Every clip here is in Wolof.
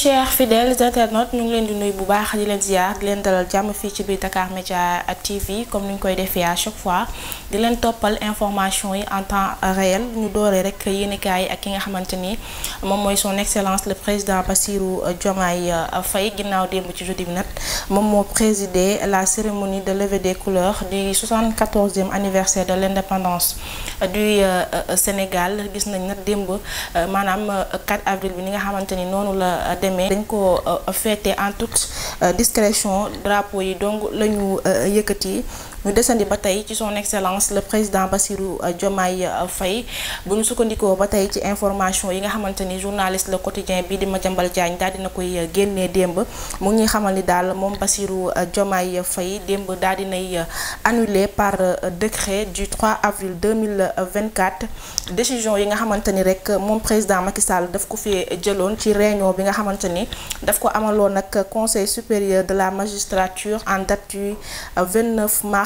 chers fidèles internautes ñu ngi leen di nuyu bu baax di leen ziar di leen dalal jàmm fii ci biir Dakar Media TV comme ni ñu koy defee à chaque fois di leen toppal information yi en temps réel ñu dooree rek yéenekaay ak ki nga xamante ni moom mooy son excellence le président Bassirou Diomaye Faye ginnaaw démb ci jeudi bi nag moom moo présidé la cérémonie de levée des couleurs du 74e anniversaire de l'indépendance du euh, euh, Sénégal gis nañ nag démb euh, maanaam 4 avril bi ni nga xamante ni noonu la. mais dañ ko euh, féete en toute euh, discrétion drapeau yi donc la ñu euh, yëkkati ñu desandi ba tey ci son excellence la président Bassirou Diomaye Faye bu ñu sukkandikoo ba tey ci information yi nga xamante ni journaliste le quotidien bi di ma Madiambal Diagne daal dina koy génnee démb mu ngi xamal ni daal moom Bassirou Diomaye Faye démb daal dinay annulé par décret du 3 avril 2024 décision yi nga xamante ni rek moom président Macky Sall daf ko fi jëloon ci réunion bi nga xamante ni daf ko amaloon nag conseil supérieur de la magistrature en date du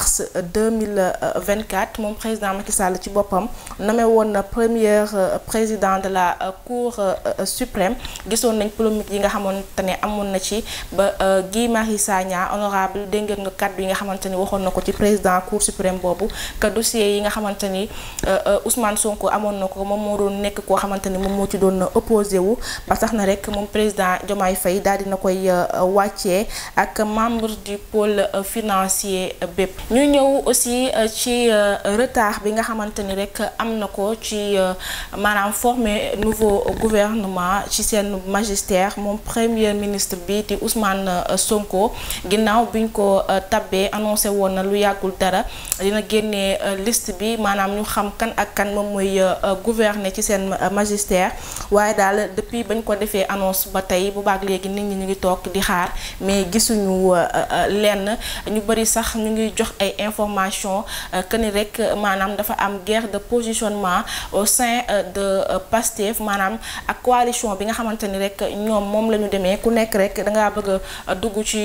mars 2024 moom président Macky Sall ci boppam nommé woon na première euh, président de la euh, cour euh, suprême gisoon nañ polémique yi nga xamante ne amoon na ci ba Guy Marie Sagna honorable dégg ngeen nga kàddu yi nga xamante ni waxoon na ko ci président cour suprême boobu que dossier yi nga xamante ni Ousmane Sonko amoon na ko moom moo doon nekk koo xamante ni moom moo ci doon opposé wu ba tax na rek moom président Diomaye fay daal dina koy wàccee ak membre du pôle financier bépp ñu ñëw aussi euh, ci euh, retard bi nga xamante ni rek am na ko ci euh, maanaam former nouveau gouvernement ci seen magistère moom premier ministre bi di Ousmane Sonko ginnaaw biñ ko tabbee annoncé woon na lu yàggul dara dina génne liste bi maanaam ñu xam kan ak kan moom mooy gouverne ci seen magistère waaye daal depuis bañ ko defee annonce ba tey bu baax léegi nit ñi ñu ngi toog di xaar mais gisuñu lenn ñu bari sax ñu ngi jox. ay information euh, que nii rek euh, maanaam dafa am guerre de positionnement au sein euh, de Pastef maanaam ak coalition bi nga xamante ni rek ñoom moom la ñu demee ku nekk rek dangaa bëgg a dugg ci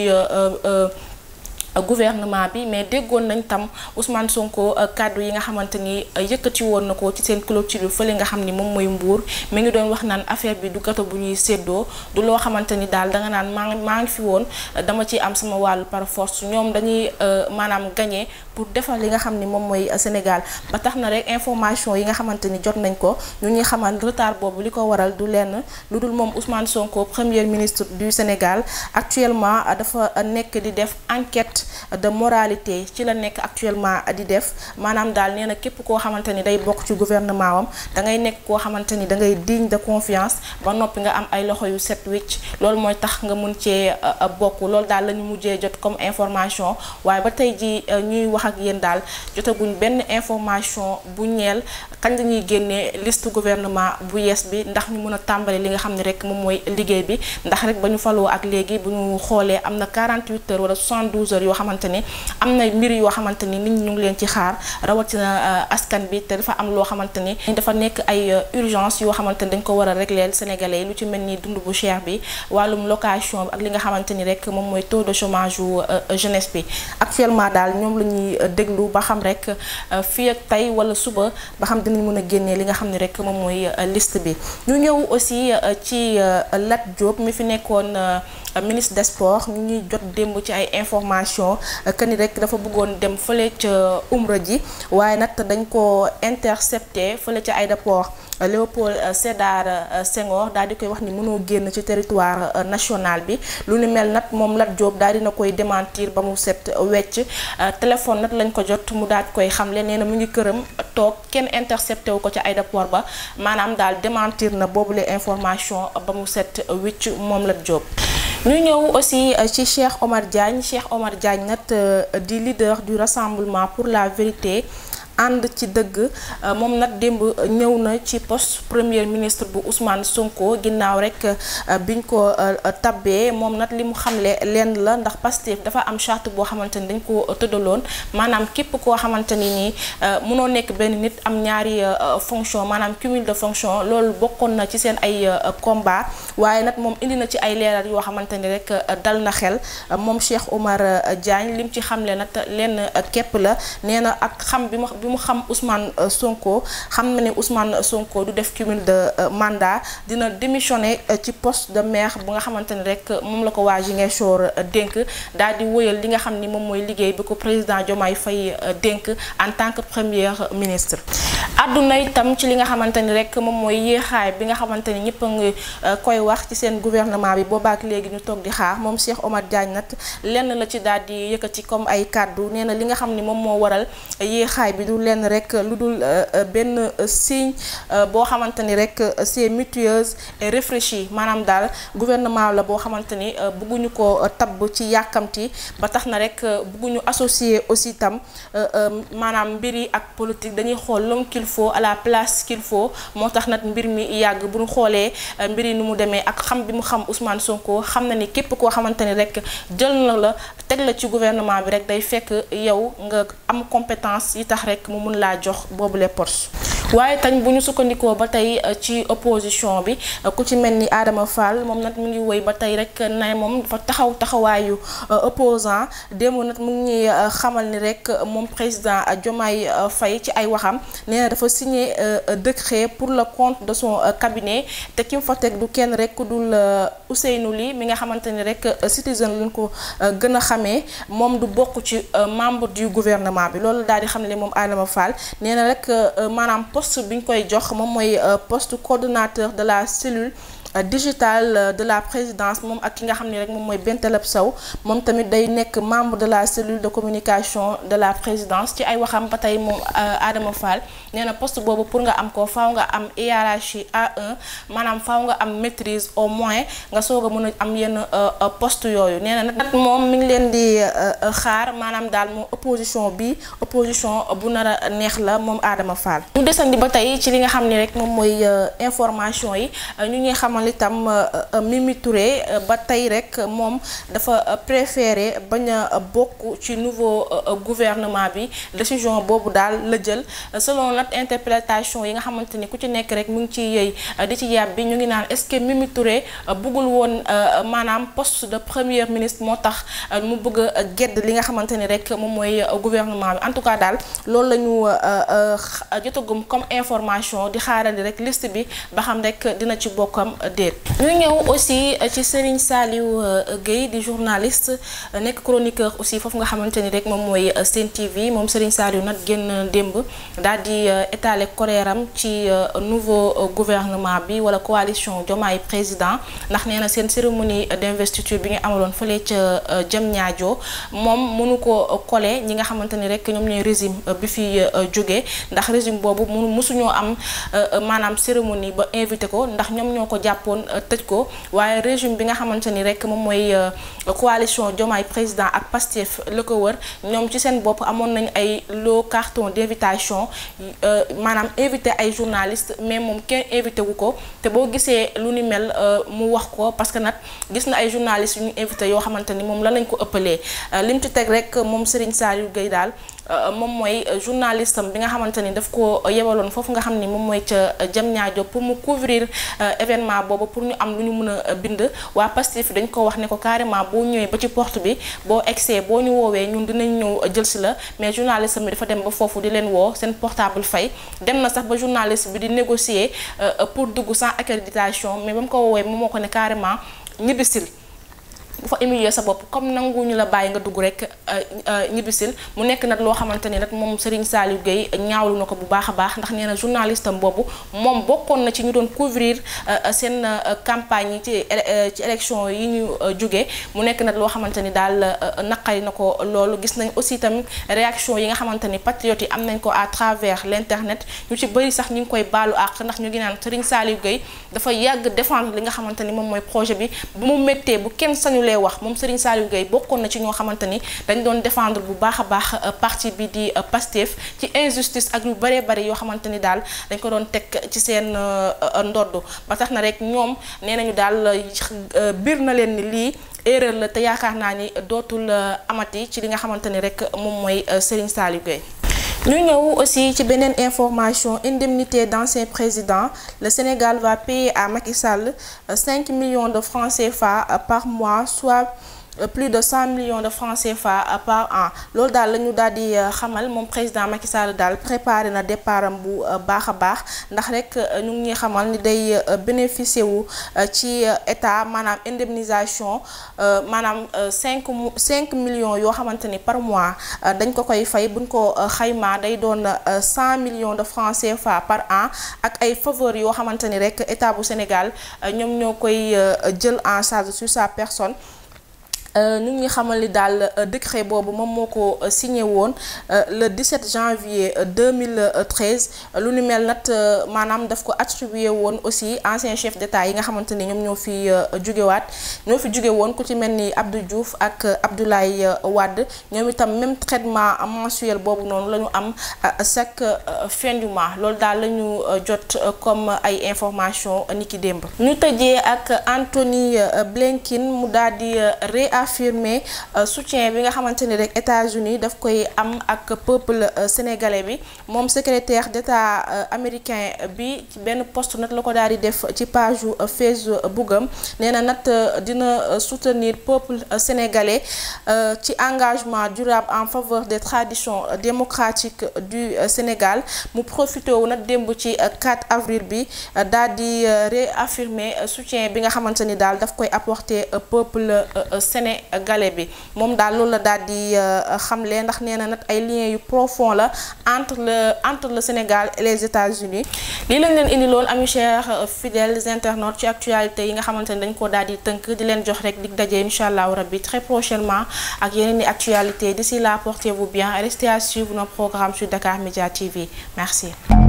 gouvernement bi mais déggoon nañ tam Ousmane Sonko euh, kàddu yi nga xamante ni euh, yëkkati woon na ko ci seen clôture bi fële nga xam ni moom mooy mbuur mi ngi doon wax naan affaire bi du gato bu ñuy séddoo du loo xamante ni daal danga naan maa maa ngi fi woon euh, dama ciy am sama wàllu par force ñoom dañuy maanaam gagné pour defal li nga xam ni moom mooy Sénégal ba tax na rek information yi nga xamante ni jot nañ ko ñu ñuy xamal retard boobu li ko waral du lenn lu dul moom Ousmane Sonko ministre du Sénégal actuellement dafa nekk di def enquête test de moralité ci la nekk actuellement di def maanaam daal nee na képp koo xamante ni day bokk ci gouvernement wam da ngay nekk koo xamante ni da ngay digne de confiance ba noppi nga am ay loxo yu set wicc loolu mooy tax nga mun cee euh, euh, bokk loolu daal la ñu mujjee jot comme information waaye ba tey ji euh, ñuy wax ak yéen daal jotaguñ benn information bu ñeel kañ la ñuy génnee liste gouvernement bu yees bi ndax ñu mën a tàmbali li nga xam ne rek moom mooy liggéey bi ndax ba ñu faloo ak léegi bu xoolee am na 48 heures wala 72 yoo xamante ni am na mbir yoo xamante ni nit ñu leen ci xaar rawatina euh, askan bi te dafa am loo xamante ni dafa nekk ay euh, urgence yoo xamante ni dañ ko war a régleel sénégalais yi lu ci mel ni dund bu cher bi wàllum location bi ak li nga xamante ni rek moom mooy taux de chômage u euh, jeunesse bi actuellement daal ñoom la ñuy déglu ba xam rek fii tey wala suba ba xam dinañ mën a génnee li nga xam ne rek moom mooy liste bi ñu ñëw aussi ci Lat Diop mi fi nekkoon Euh, ministre des sports ñu ñuy jot démb ci ay information euh, que ni rek dafa bëggoon dem fële ca euh, umra ji waaye nag dañ ko intercepté fële ca aéroport Léopold Sédar Senghor daal di koy wax ni mënoo génn ci territoire national bi lu ne mel nag moom Lat Diop daal dina koy demantir ba mu set wecc téléphone nag lañ ko jot mu daal di koy xamle nee na mu ngi këram toog kenn intercepté wu ko ci aéroport ba maanaam daal demantir na boobule information ba mu set wecc moom Lat Diop. ñu ñëw aussi euh, ci Cheikh Omar Diagne Cheikh Omar Diagne nag euh, di leader du rassemblement pour la vérité ànd ci dëgg euh, moom nag démb ñëw na ci post première ministre bu Ousmane Sonko ginnaaw rek euh, biñ ko euh, tabbee moom nag li mu xamle lenn la ndax Pastef dafa am charte boo xamante ni dañ ko tëddaloon maanaam képp koo xamante ni nii munoo nekk benn nit am ñaari fonction maanaam cumul de fonction loolu bokkoon na ci seen ay combat waaye nag moom indi na ci ay leeral yoo xamante ni rek dal na xel moom Cheikh Omar Diagne lim ci xamle nag lenn képp la nee ak xam mu xam Ousmane euh, Sonko xam na ne Ousmane Sonko du def cumul de euh, mandat dina démissionner euh, ci post de maire bu nga xamante ni rek moom la ko waa Ziguinchor dénk daal di wëyal li nga xam ni moom mooy liggéey bi ko président Diomaye fay dénk en tant première ministre. àdduna itam ci li nga xamante ni rek moom mooy yéexaay bi nga xamante ni ñëpp a ngi koy wax ci seen gouvernement bi boobaak léegi ñu toog di xaar moom Cheikh Omar Diagne nag lenn la ci daal di yëkkati comme ay kàddu nee na li nga xam ni moom moo waral lenn rek lu dul euh, euh, benn euh, signe boo xamante ni rek c'est mutueuse et réfléchie maanaam daal gouvernement la boo xamante ni bëgguñu ko tabb ci yàkkamti ba tax na rek bëgguñu associer aussi tam maanaam mbir yi ak politique dañuy xool l'homme qu'il à la place qu'il faut moo tax nag mbir mi yàgg bu nu xoolee mbir yi nu mu demee ak xam bi mu xam Ousmane Sonko xam na ni képp koo xamante ni rek jël na la teg la ci gouvernement bi rek day fekk yow nga am compétence yi tax rek mu mun laa jox boobu les postes waaye tañ bu ñu sukkandikoo ba tey euh, ci opposition bi euh, ku ci mel ni aadama Fall moom nag mu ngi woy ba tey rek ne moom dafa taxaw taxawaayu euh, opposant démb nag mu ngi xamal ni rek moom président Diomaye Faye ci ay waxam nee na dafa signé décret pour le compte de son cabinet te ki fa teg du kenn rek ku dul Ousseynou Ly mi nga xamante ni rek citoyen lañ ko gën a xamee moom du bokk ci membre du gouvernement bi loolu daal di xam ne moom Adama Fall nee na rek poste bi ñu koy jox moom mooy euh, poste coordonnateur de la cellule Euh, digital euh, de la présidence moom ak ki nga xam ni rek moom mooy Benteleb Sow moom tamit day nekk membre de la cellule de communication de la présidence ci ay waxam ba tey moom euh, Adama Fall nee na poste boobu pour nga am ko faaw nga am hiérarchie maanaam faaw nga am maîtrise au moins nga soog a mën a am yenn poste yooyu nee na nag moom mi ngi leen di xaar maanaam daal moom opposition bi opposition bu nar a neex la moom Adama Fall. ñu desandi ba tey ci li nga xam ne rek moom mooy information yi ñu ngi xamal xamal itam euh, euh, Mimi Touré euh, ba tey rek moom dafa préféré bañ a bokk ci nouveau gouvernement bi décision boobu daal la jël selon nag interprétation yi nga xamante ni ku ci nekk rek mu ngi ci yëy di ci yàb bi ñu ngi naan est-ce que Mimi Touré bëggul woon maanaam post de premier ministre moo tax mu bëgg a gedd li nga xamante ni rek moom mooy gouvernement bi en tout cas daal loolu la ñu jotagum comme information di xaarandi rek liste bi ba xam rek dina ci bokkam déet ñu ñëw aussi euh, ci Serigne Saliou euh, Guèye di journaliste euh, nekk chroniqueur aussi foofu nga xamante ni rek moom mooy Sen TV moom Serigne Saliou nag génn démb daal di étaler koreeram ci nouveau gouvernement bi wala coalition Diomaye président ndax nee na seen cérémonie d'investiture bi ñu amaloon fële ca Diamniadio moom mënu ko kole ñi nga xamante ni rek ñoom ñooy régime bi fi jógee ndax régime boobu mënu mësuñoo am maanaam cérémonie ba invité ko ndax ñoo jàppoon euh, tëj ko waaye régime bi nga xamante ni rek moom mooy euh, coalition Diomaye président ak Pastef la ko wër ñoom ci seen bopp amoon nañu ay loo carton d'invitation euh, maanaam invité ay journalistes mais moom kenn invité wu ko te boo gisee lu ni mel mu wax ko parce que nag gis na ay journalistes yu ñu invité yoo xamante ni moom la lañ ko ëppalee lim ci teg rek moom Serigne Saliou Gueye daal Euh, moom mooy euh, journaliste bi nga xamante ni daf ko euh, yebaloon foofu nga xam ni moom mooy ca jam ñaajo pour mu couvrir événement boobu pour ñu am lu ñu mën a bind waa Pastef dañ ko wax ne ko carrément boo ñëwee ba ci porte bi boo egsee boo ñu woowee ñun dinañ ñëw jël si la mais journaliste am bi dafa dem ba foofu di leen woo seen portable fay dem na sax ba journaliste bi di négocier pour dugg sans accréditation mais ba mu ko woowee moom moo ko ne carrément ñibbisil fa humilier sa bopp comme nanguñu la bàyyi nga dugg rek euh, euh, ñibbisil mu nekk nag loo xamante ni nag moom Serigne Saliou Gueye ñaawlu na ko bu baax a baax ndax nee na journaliste am boobu moom bokkoon na ci ñu doon couvrir euh, seen campagne yi ci ci yi ñu jógee mu nekk nag loo xamante ni daal naqari na ko loolu gis nañ aussi tamit réaction yi nga xamante ni patriotes yi am nañ ko travers l' internet ci bëri sax ñu ngi koy baalu àq ndax ñu ngi naan Serigne Saliou Gueye moom mooy projet bi bu mu méttee bu kenn sañu tàmbalee wax moom Serigne Saliou Gueye bokkoon na ci ñoo xamante ni dañ doon défendre bu baax a baax euh, parti bi di euh, Pastef ci injustice ak yu bëree bëri yoo xamante ni daal dañ ko doon teg ci seen euh, ndodd ba tax na rek ñoom nee nañu daal biir na leen lii erreur la te yaakaar naa ni dootul amati ci li nga xamante ni rek moom mooy Serigne Saliou Gueye ñu ñëw aussi ci beneen information indemnité d'ancien président le Sénégal va payer à Macky Sall 5 millions de francs fa par mois soit plus de 100 millions de francs CFA par an loolu daal la ñu daal di euh, xamal moom président Macky Sall daal préparé na départam bu euh, baax a baax ndax rek euh, ñu ngi xamal ni day bénéficier wu ci état maanaam indemnisation maanaam cinq 5 millions yoo xamante ni par mois dañ ko koy fay buñ ko xaymaa day doon 100 millions de francs CFA par an ak ay faveur yoo xamante ni rek état bu Sénégal ñoom ñoo koy jël en charge sur sa personnes Euh, ñu ngi xamal ni daal euh, décret boobu moom moo ko euh, signé woon le 17 janvier 2013 lu ni mel nag maanaam daf ko attribué woon aussi ancien chef d'état yi nga xamante ni ñoom ñoo fi jugewaat ñoo fi juge woon ku ci mel ni Abdou Diouf ak Abdoulaye Wade ñoom itam même traitement mensuel boobu noonu la ñu am chaque fin du mois loolu daal la ñu jot comme ay information ni ki démb ñu tëjee ak Anthony Blinken mu daal di réa réaffirmer euh, soutien bi nga xamante ni rek États-Unis daf koy am ak peuple euh, sénégalais bi moom secrétaire d'État euh, américain bi benn post nag la ko daal di def ci page Facebook am nee na nag dina soutenir peuple sénégalais ci engagement durable en faveur des traditions démocratiques du Sénégal mu profité wu nag démb ci 4 avril bi daal di réaffirmer soutien bi nga xamante ni daal daf koy apporter peuple sénégalais gene gale bi moom daal loolu la daal di euh, xamle ndax nee na nag ay liens yu profond la entre la entre le Sénégal les États-Unis lii lañ leen indi loon ami chers euh, fidèles internautes ci actualité yi nga xamante ne dañ ko daal di tënk di leen jox rek di daje incha allahu rabbi très prochainement ak yeneen i actualité d'ici la portez-vous bien restez à suivre nos programmes sur Dakar Media TV merci